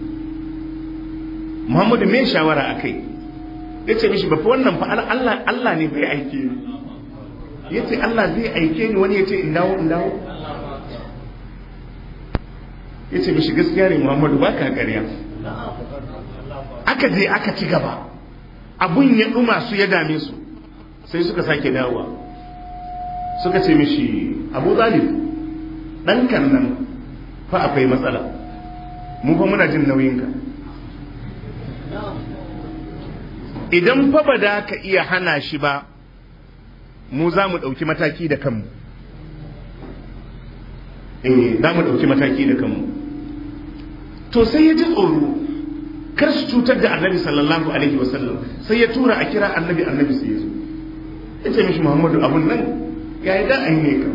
muhammadu me shawara a kai ya ce mishi bafi wannan fa Allah Allah ne bai aike ni ya ce Allah zai aike ni wani ya ce in dawo in dawo ya ce mishi gaskiya ne muhammadu ba ka gariya aka je aka ci gaba abun ya ɗuma su ya dame su sai suka sake dawowa suka ce mishi abu zalif ɗankan nan fa akwai matsala mu fa muna jin nauyinka idan fa ba da ka iya hana shi ba mu za mu ɗauki mataki da kanmu eh za mu ɗauki mataki da kanmu to sai ya ji tsoro kar su cutar da annabi sallallahu alaihi wasallam sai ya tura a kira annabi annabi sai ya zo ya ce mishi muhammadu abun nan ya yi da'ayi ne ka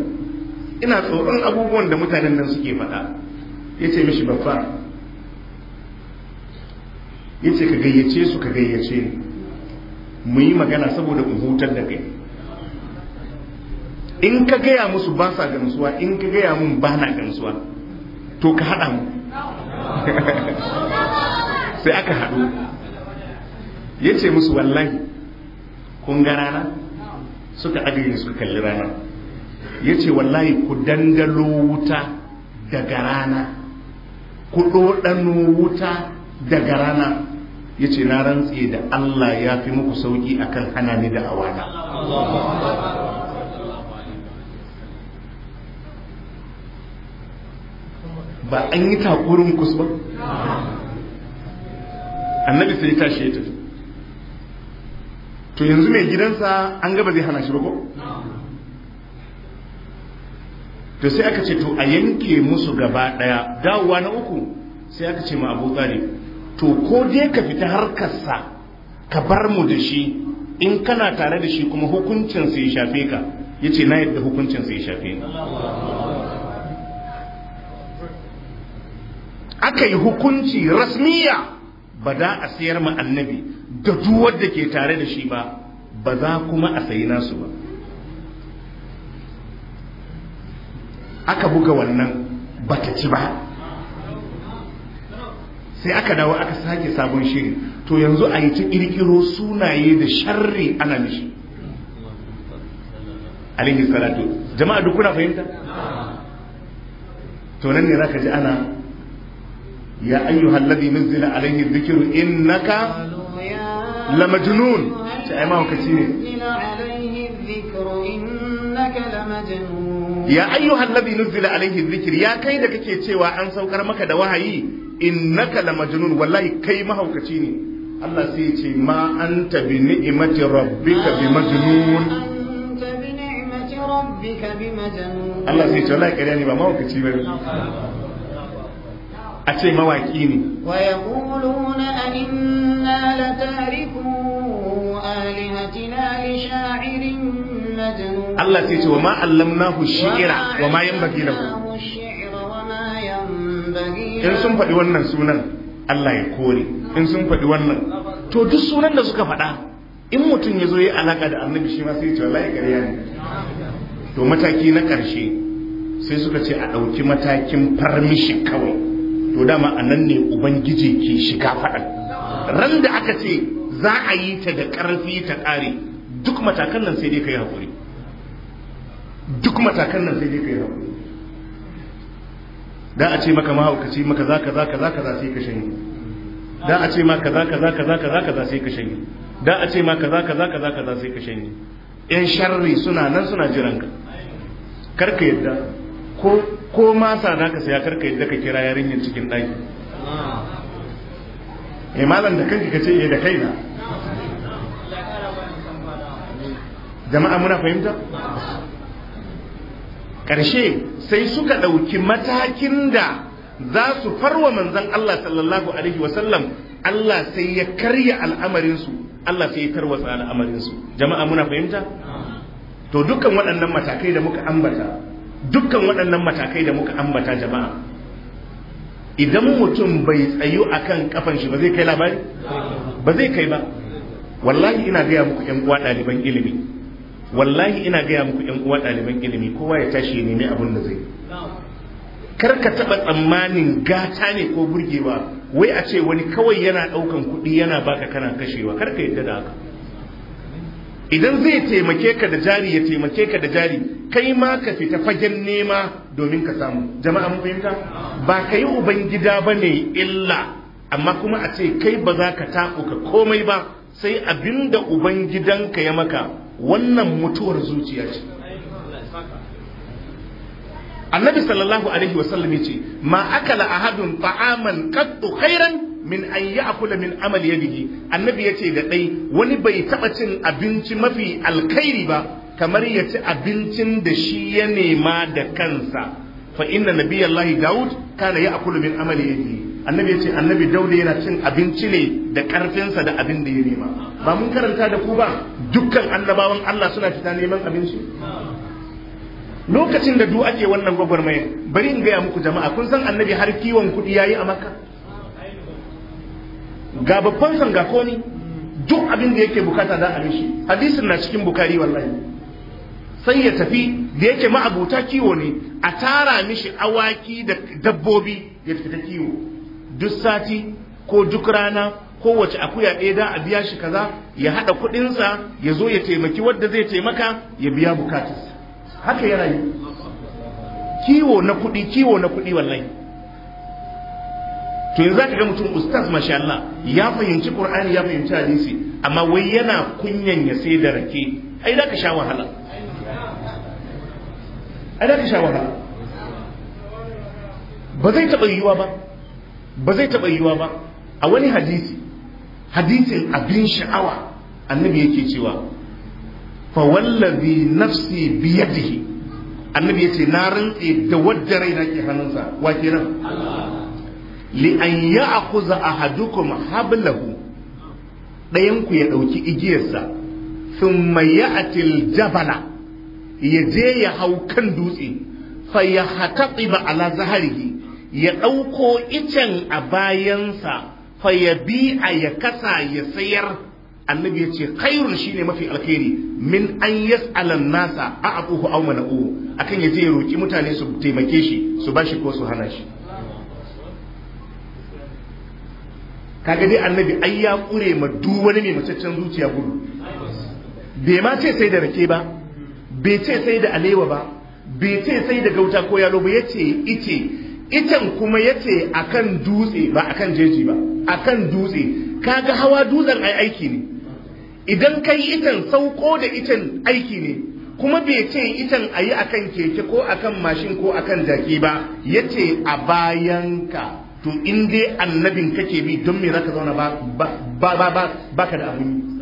ina tsoron abubuwan da mutanen nan suke faɗa ya ce mishi babba ya ce ka gayyace su ka gayyace ni mu yi magana saboda mu hutar da kai in ka gaya musu ba sa gamsuwa in ka gaya mun ba na gamsuwa to ka haɗa mu sai aka haɗu ya ce musu wallahi kun ga rana suka agaye suka kalli rana ya ce wallahi ku dandalo wuta daga rana ku ɗoɗano wuta daga rana ya ce na rantse da Allah ya fi muku sauƙi akan hana ni da awana ba an yi takurin kus ba annabi sai tashi ya tafi to yanzu mai gidansa an gaba zai hana shi ba ko to sai aka ce to a yanke musu gaba daya dawowa na uku sai aka ce ma abu talib to ko dai ka fita harkarsa ka bar mu da shi in kana tare da shi kuma hukuncin sai shafe ka Ya ce na yadda hukuncin sai shafe ka aka yi hukunci rasmiya ba za a sayar ma annabi da duk ke tare da shi ba ba za kuma a sayi nasu ba aka buga wannan bata ci ba sai aka dawo aka sake sabon shiri to yanzu a yi ta kirkiro sunaye da sharri ana mishi alaihi salatu jama'a duk kuna fahimta to nan ne zaka ji ana ya ayyuhal ladhi nuzila alaihi dhikru innaka lamajnun sai ai ma ne ya ayyuhan ladhi nuzila alaihi dhikr ya kai da kake cewa an saukar maka da wahayi innaka la majnun wallahi kai mahaukaci ne Allah sai ya ce ma anta bi ni'mati rabbika bi majnun Allah sai ya ce wallahi kariya ne ba mahaukaci ba a ce mawaki ne wa yaquluna a la tariku alihatina li sha'irin Allah sai ce wa ma allamnahu shi'ira wa ma yanbaghi lahu in sun faɗi wannan sunan Allah ya kore in sun faɗi wannan to duk sunan da suka faɗa in mutum ya zo ya alaka da annabi shi ma sai ce wallahi ƙarya ne to mataki na ƙarshe sai suka ce a ɗauki matakin farmishi kawai to dama a nan ne ubangiji ke shiga faɗan ran da aka ce za a yi ta da ƙarfi ta ƙare duk matakan nan sai dai kai haƙuri duk matakan nan sai dai kai haƙuri da a ce maka mahaukaci maka za ka za ka za ka za sai ka shanye da a ce ma za ka za ka za sai ka shanye da a ce ma ka za ka za sai ka shanye yan sharri suna nan suna jiran ka kar ka yadda ko ko ma sa da ka saya kar ka yadda ka kira yarinyar cikin ɗaki eh malam da kanki ka ce eh da kaina jama'a muna fahimta ƙarshe sai suka ɗauki matakin da za su farwa manzan Allah sallallahu alaihi wasallam Allah sai ya karya al'amarinsu Allah sai ya tarwatsa al'amarinsu jama'a muna fahimta to dukkan waɗannan matakai da muka ambata dukkan waɗannan matakai da muka ambata jama'a idan mutum bai tsayu akan kafan shi ba zai kai labari ba zai kai ba wallahi ina gaya muku yan uwa ɗaliban ilimi wallahi ina gaya muku yan uwa ɗaliban ilimi kowa ya tashi ya nemi abin da zai kar ka taɓa tsammanin gata ne ko burgewa wai a ce wani kawai yana ɗaukan kuɗi yana baka kana kashewa kar ka yadda da haka idan zai taimake ka da jari ya taimake ka da jari kai ma ka fita fagen nema domin ka samu jama'a mun fahimta ba ka yi ubangida ba ne illa amma kuma a ce kai ba za ka taɓuka komai ba sai abin da ubangidanka ya maka wannan mutuwar zuciya ce annabi sallallahu alaihi wasallam ya ce ma akala ahadun ta'aman qattu khairan min an ya'kula min amal yadihi annabi ya ce da dai wani bai taba cin abinci mafi alkhairi ba kamar ya ci abincin da shi ya nema da kansa fa inna nabiyallahi daud kana ya'kulu min amal yadihi annabi ya ce annabi dauda yana cin abinci ne da karfinsa da abin da ya nema ba mun karanta da ku ba dukkan annabawan Allah suna fita neman abinci lokacin da du ake wannan gwagwarmaya bari in gaya muku jama'a kun san annabi har kiwon kuɗi yi a makka ga babban sanga ko ni duk abin da yake bukata za abin shi hadisin na cikin bukari wallahi sai ya tafi da yake ma'abuta kiwo ne a tara mishi awaki da dabbobi ya fita kiwo duk sati ko duk rana kowace akuya ɗaya da a biya shi kaza ya haɗa kuɗinsa ya zo ya taimaki wadda zai taimaka ya biya bukatarsa haka yana yi. kiwo na kuɗi kiwo na kuɗi wallahi to yanzu zaka ga mutum ustaz masha Allah ya fahimci Qur'ani ya fahimci hadisi amma wai yana kunyan ya sai da rake ai da ka sha wahala ai da ka sha wahala ba zai taɓa yiwuwa ba ba zai taɓa yiwa ba a wani hadisi hadisin abin sha'awa annabi yake cewa fa wallazi nafsi yadihi annabi yace na rantsi da wadda raina ke hannunsa wa kenan li an ya'khudha ahadukum hablahu dayan ku ya dauki igiyarsa thumma ya'ti al-jabala ya je ya hau kan dutse fa ya yahtatiba ala zahrihi ya ɗauko icen a bayansa fa ya bi a ya kasa ya sayar annabi ya ce khairun shine mafi alkhairi min an yas'alan nasa a aquhu aw mana'u akan ya je ya roki mutane su taimake shi su bashi ko su hana shi kaga dai annabi ai ya kure ma duk wani mai macaccen zuciya gudu bai ma ce sai da rake ba bai ce sai da alewa ba bai ce sai da gauta ko yalo ba yace ice itan kuma yace akan dutse ba akan jeji ba akan dutse kaga hawa dutsen ai aiki ne idan kai itan sauko da itan aiki ne kuma bai ce itan ayi akan keke ko kan mashin ko akan jaki ba yace a bayanka to in dai annabin kake bi don me zaka zauna ba ba ba baka da abun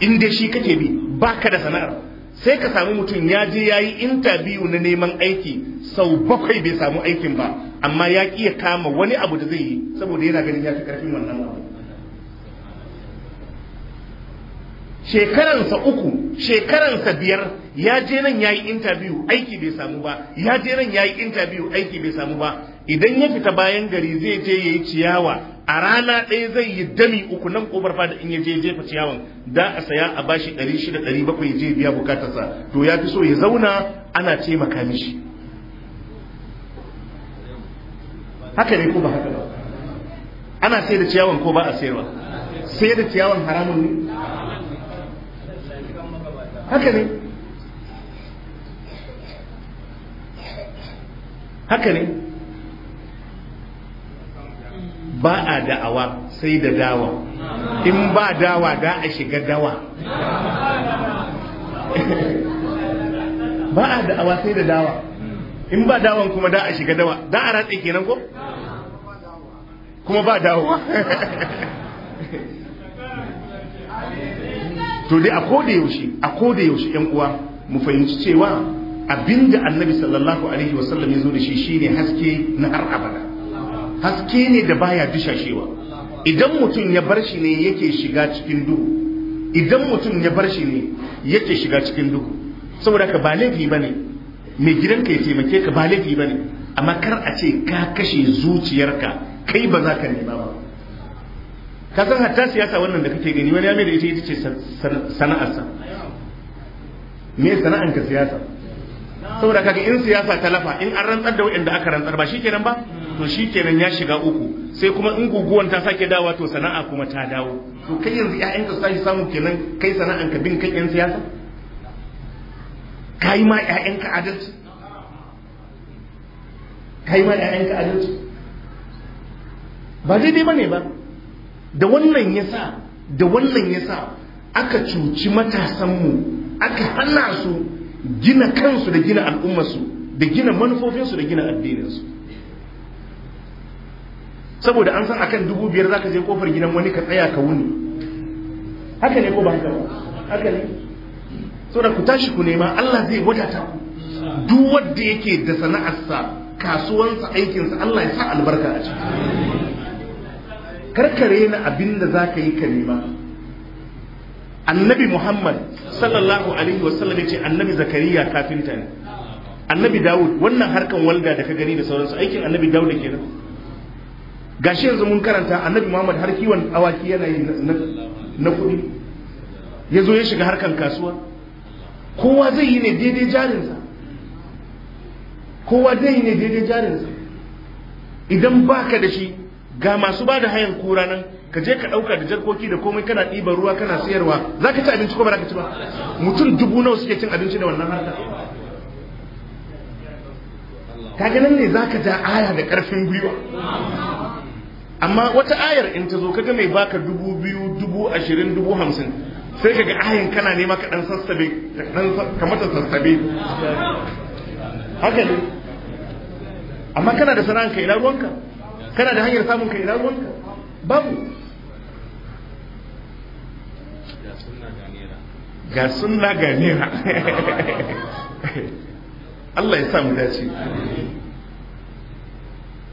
in dai shi kake bi baka da sana'ar sai ka samu mutum ya je ya yi intabiyu na neman aiki sau bakwai bai samu aikin ba amma ya ƙi kama wani abu da zai yi saboda yana ganin ya fi ƙarfin wannan abu shekaransa uku shekaransa biyar ya je nan ya yi intabiyu aiki bai samu ba ya je nan ya yi intabiyu aiki bai samu ba idan ya fita bayan gari zai je ya yi ciyawa a rana ɗaya zai yi dami uku nan kofar fada in ya je jefa ciyawan da a saya a bashi ɗari shida ɗari bakwai ya je biya bukatarsa to ya fi so ya zauna ana taimaka mishi haka ne ko ba haka ba ana sai da ciyawan ko ba a sayarwa sai da ciyawan haramun ne haka ne haka ne ba a da'awa sai da dawa in ba dawa da a shiga dawa ba a da'awa sai da dawa in ba dawan kuma da a shiga dawa da a ratse kenan ko kuma ba dawa to dai a koda yaushe a koda yaushe yan uwa mu fahimci cewa abinda annabi sallallahu alaihi wasallam ya zo da shi shine haske na har abada haske ne da baya dishashewa idan mutum ya bar shi ne yake shiga cikin duhu idan mutum ya bar shi ne yake shiga cikin duhu saboda ka ba bane mai gidanka ya taimake ka ba bane amma kar a ce ka kashe zuciyarka kai ba za ka nema ba ka san hatta siyasa wannan da kake gani wani ya mai da ita ita ce sana'arsa me ka siyasa saboda kaga in siyasa ta lafa in an rantsar da waɗanda aka rantsar ba shikenan ba to shi kenan ya shiga uku sai kuma in guguwan ta sake dawa to sana'a kuma ta dawo to kai yanzu ka su tashi samu kenan kai sana'an ka bin kan ƴan siyasa kai ma ka adalci kai ma ka adalci ba daidai bane ba da wannan yasa da wannan yasa aka cuci matasanmu aka hana su gina kansu da gina al'ummarsu da gina manufofinsu da gina addininsu saboda an san akan dubu biyar za ka je kofar gidan wani ka tsaya ka wuni haka ne ko ba haka haka ne saboda ku tashi ku nema Allah zai wadata ku duk wanda yake da sana'arsa kasuwansa aikinsa Allah ya sa albarka a ciki karkare na abin da za ka yi ka nema annabi muhammad sallallahu alaihi wasallam ya ce annabi zakariya kafinta ne annabi dawud wannan harkan walda da ka gani da sauransu aikin annabi dawud kenan Ga gashi yanzu mun karanta annabi muhammad har kiwon awaki yana yi na kuɗi ya zo ya shiga harkan kasuwa kowa zai yi ne daidai jarinsa kowa zai yi ne daidai jarinsa idan baka da shi ga masu ba da hayan kura nan ka je ka ɗauka da jarkoki da komai kana ɗiban ruwa kana sayarwa za ka ci abinci ko ba za ka ci ba mutum dubu nawa suke cin abinci da wannan harka ka nan ne za ka ja aya da ƙarfin gwiwa amma wata ayar in ta zo kaga mai baka dubu biyu dubu ashirin dubu hamsin sai kaga ayin kana nema ka dan sassabe kamata sassabe haka ne amma kana da sana'anka ila ruwanka kana da hanyar samun ka ina ruwanka babu ga sunna ga nera Allah ya samu dace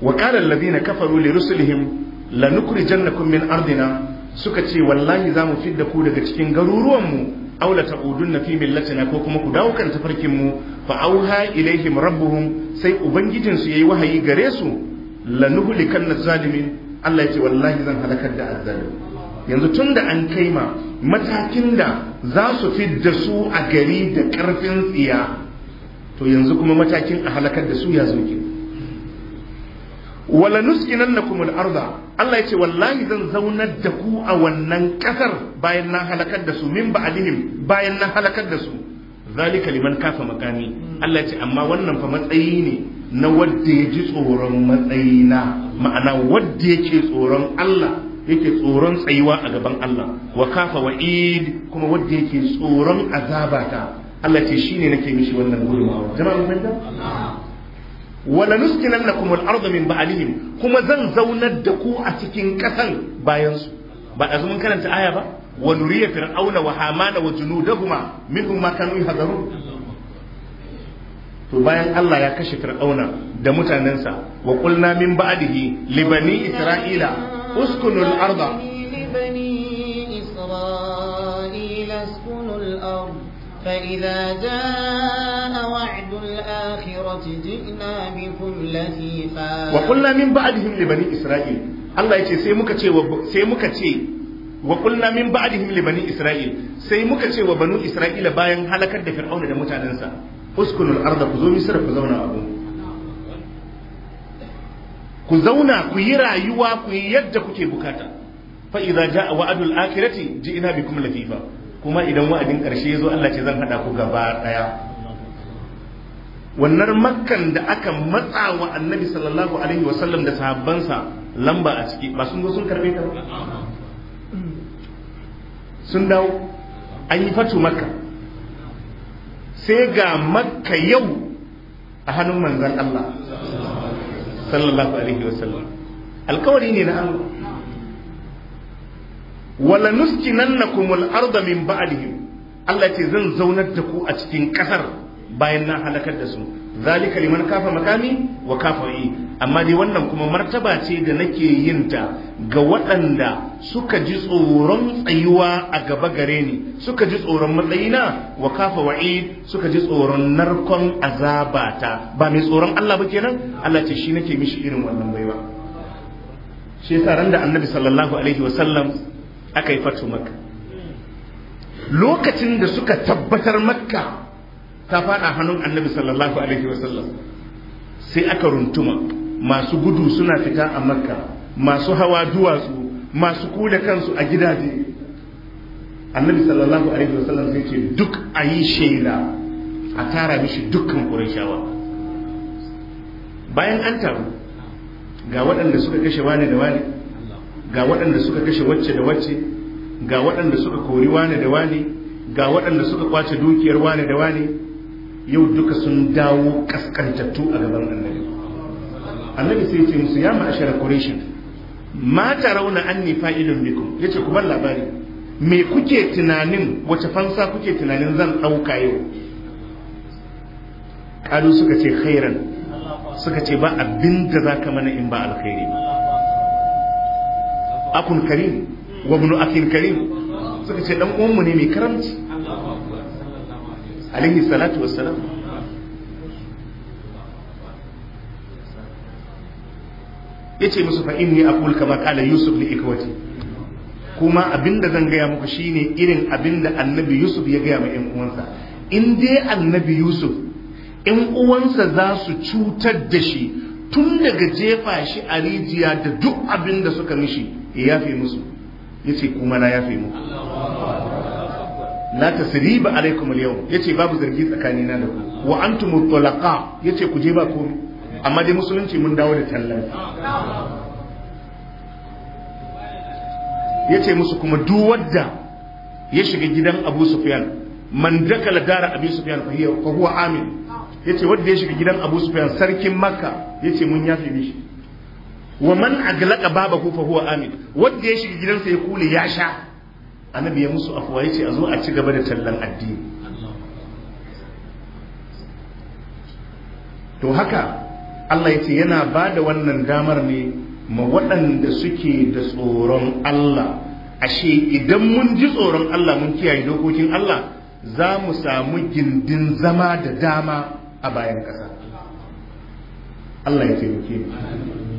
wa qala alladhina kafaru li rusulihim lanukhrijannakum min ardina suka ce wallahi zamu fidda ku daga cikin garuruwan mu aulata la ta'udunna fi ko kuma ku dawo kan tafarkin mu fa auha ilaihim rabbuhum sai ubangijin su yayi wahayi gare su lanuhlikanna zalimin Allah ya ce wallahi zan halakar da azzalimi yanzu tun da an kai ma matakin da za su da su a gari da karfin tsiya to yanzu kuma matakin a halakar da su ya zo wala nuskinannakum al-arda Allah ya ce wallahi zan zaunar da ku a wannan ƙasar bayan na halakar da su min ba'dihim bayan na halakar da su zalika liman kafa makami Allah ce amma wannan fa matsayi ne na wadda ya ji tsoron matsayina ma'ana ya yake tsoron Allah yake tsoron tsayuwa a gaban Allah wa kafa wa'id kuma wanda yake tsoron azabata Allah ce shine nake mishi wannan gudunmawa jama'a mun wala nuskinan na kuma al'arzu min ba'alihim kuma zan zaunar da ku a cikin ƙasan bayansu ba ɗazu mun karanta aya ba wa nuriya fir'auna wa hamana wa junudahuma minhum ma kanu yahzarun to bayan Allah ya kashe fir'auna da mutanensa wa qulna min ba'dihi li bani isra'ila uskunu al li bani isra'ila uskunu al فإذا جاء وعد الآخرة جئنا بكم لثيفا وقلنا من بعدهم لبني إسرائيل الله يتي سيمك تي سيمك تي wa kulna min ba'dihim li bani isra'il sai muka ce wa banu isra'ila bayan halakar da fir'auna da mutanensa uskunul arda ku zo ku zauna abu ku zauna ku yi rayuwa ku yi yadda kuke bukata fa idza jaa wa'dul akhirati ji'na bikum latifa kuma idan wa'adin ƙarshe ya zo Allah ce zan haɗa ku gaba ɗaya wannan makkan da aka matsa wa annabi sallallahu alaihi wasallam da sahabbansa lamba a ciki ba sun zo sun karbe ta sun dawo an yi fatu makka sai ga makka yau a hannun manzan Allah sallallahu alaihi wasallam alkawari ne na Allah wala na kumul ardha min ba'dihim Allah ce zan zaunar da ku a cikin ƙasar bayan na halakar da su zalika liman kafa makami wa kafa yi amma dai wannan kuma martaba ce da nake yin ta ga waɗanda suka ji tsoron tsayuwa a gaba gare ni suka ji tsoron matsayina wa kafa wa'i suka ji tsoron narkon azabata ba mai tsoron Allah ba kenan Allah ce shi nake mishi irin wannan baiwa shi yasa da annabi sallallahu alaihi wa sallam aka yi fatu makka lokacin da suka tabbatar makka ta fada hannun annabi sallallahu alaihi wasallam sai aka runtuma masu gudu suna fita a makka masu hawa duwatsu masu kula kansu a gidaje annabi sallallahu alaihi wasallam sai ce duk a yi shaida a tara mishi dukkan ƙurashawa bayan an taru ga waɗanda suka kashe wani da wani ga waɗanda suka kashe wacce da wacce ga waɗanda suka kori wane da wane ga waɗanda suka kwace dukiyar wane da wane yau duka sun dawo kaskantattu a gaban annabi annabi sai ce musu ya ma'ashara quraish ma rauna anni fa'ilun bikum yace ku bar labari me kuke tunanin wace fansa kuke tunanin zan ɗauka yau kalu suka ce khairan suka ce ba abinda da za ka mana in ba alkhairi ba akun karim wa bunu akin karim suka ce dan uwanmu ne mai karamci alaihi salatu wassalam yace musu fa inni aqul kama qala yusuf li ikwati kuma abinda zan gaya muku shine irin abinda annabi yusuf ya gaya ma ƴan uwansa in dai annabi yusuf yan uwansa za su cutar da shi tun daga jefa shi a rijiya da duk abinda suka mishi ya fi musu Ya ce kuma na fi muku la ba alaikum al Ya ce babu zargi tsakani na da ku wa antum Ya ce ku je ba komai amma dai musulunci mun dawo da tallan ce musu kuma duk wadda ya shiga gidan Abu Sufyan man dakala dara Abu Sufyan fa huwa amin Ya ce wadda ya shiga gidan Abu Sufyan sarkin Makka ce mun yafe mishi wa man aglaqa babahu fa huwa amin wanda ya shiga gidansa ya kule ya sha annabi ya musu afwa yace a zo a ci gaba da tallan addini to haka Allah yace yana bada wannan damar ne ma waɗanda suke da tsoron Allah ashe idan mun ji tsoron Allah mun kiyaye dokokin Allah za mu samu gindin zama da dama a bayan ƙasa Allah ya taimake mu